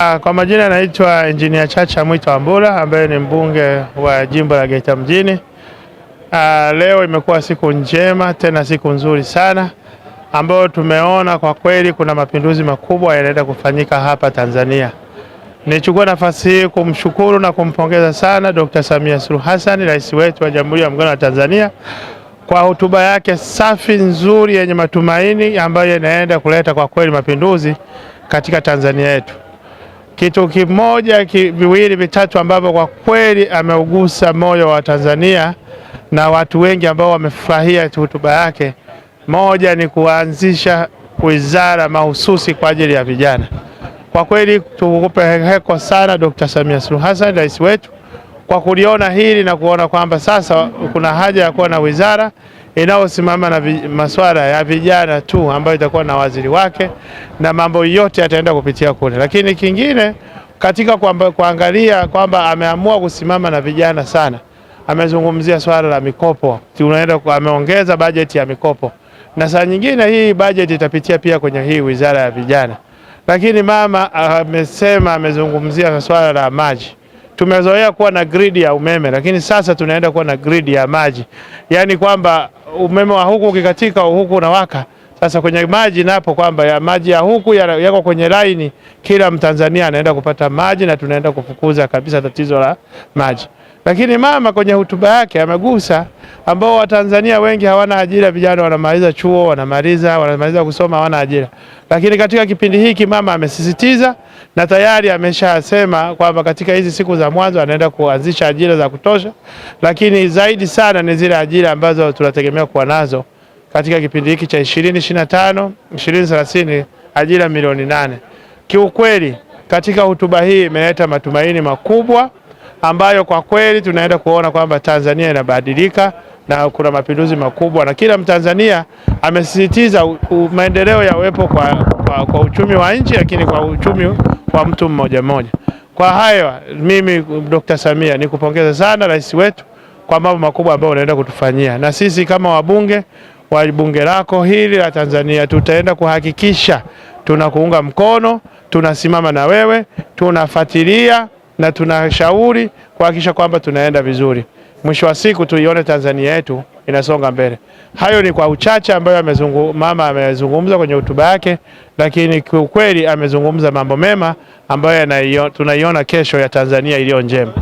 Ah, kwa majina anaitwa Engineer Chacha mwito Wambura ambaye ni mbunge wa jimbo la Geita mjini. Uh, leo imekuwa siku njema tena siku nzuri sana ambayo tumeona kwa kweli kuna mapinduzi makubwa yanaenda kufanyika hapa Tanzania. Nichukua nafasi hii kumshukuru na kumpongeza sana Dr. Samia Suluhu Hassan, rais wetu wa Jamhuri ya Muungano wa Tanzania kwa hotuba yake safi nzuri yenye matumaini ambayo inaenda kuleta kwa kweli mapinduzi katika Tanzania yetu kitu kimoja viwili vitatu ambavyo kwa kweli ameugusa moyo wa Tanzania na watu wengi ambao wamefurahia hotuba yake. Moja ni kuanzisha wizara mahususi kwa ajili ya vijana. Kwa kweli tukupe heko sana Dr. Samia Suluhu Hassan rais wetu kwa kuliona hili na kuona kwamba sasa kuna haja ya kuwa na wizara inayosimama na masuala ya vijana tu ambayo itakuwa na waziri wake na mambo yote yataenda kupitia kule. Lakini kingine katika kwamba, kuangalia kwamba ameamua kusimama na vijana sana, amezungumzia swala la mikopo, tunaenda ameongeza bajeti ya mikopo, na saa nyingine hii bajeti itapitia pia kwenye hii wizara ya vijana. Lakini mama amesema, amezungumzia swala la maji tumezoea kuwa na gridi ya umeme lakini sasa tunaenda kuwa na gridi ya maji, yaani kwamba umeme wa huku ukikatika huku unawaka. Sasa kwenye maji napo kwamba ya maji ya huku yako ya kwenye laini, kila Mtanzania anaenda kupata maji na tunaenda kufukuza kabisa tatizo la maji. Lakini mama kwenye hotuba yake amegusa ambao Watanzania wengi hawana ajira, vijana wanamaliza chuo, wanamaliza wanamaliza kusoma, hawana ajira. Lakini katika kipindi hiki mama amesisitiza na tayari ameshasema kwamba katika hizi siku za mwanzo anaenda kuanzisha ajira za kutosha, lakini zaidi sana ni zile ajira ambazo tunategemea kuwa nazo katika kipindi hiki cha 2025 2030, ajira milioni nane. Kiukweli katika hotuba hii imeleta matumaini makubwa ambayo kwa kweli tunaenda kuona kwamba Tanzania inabadilika na kuna mapinduzi makubwa, na kila Mtanzania amesisitiza maendeleo ya uwepo kwa, kwa, kwa uchumi wa nchi, lakini kwa uchumi kwa mtu mmoja mmoja. Kwa hayo mimi Dr. Samia kupongeza sana rais wetu kwa mambo makubwa ambayo unaenda kutufanyia, na sisi kama wabunge wa bunge lako hili la Tanzania tutaenda kuhakikisha tunakuunga mkono, tunasimama na wewe, tunafuatilia na tunashauri kuhakikisha kwamba tunaenda vizuri mwisho wa siku tuione Tanzania yetu inasonga mbele. Hayo ni kwa uchache ambayo amezungu, mama amezungumza kwenye hotuba yake, lakini kiukweli amezungumza mambo mema ambayo tunaiona kesho ya Tanzania iliyo njema.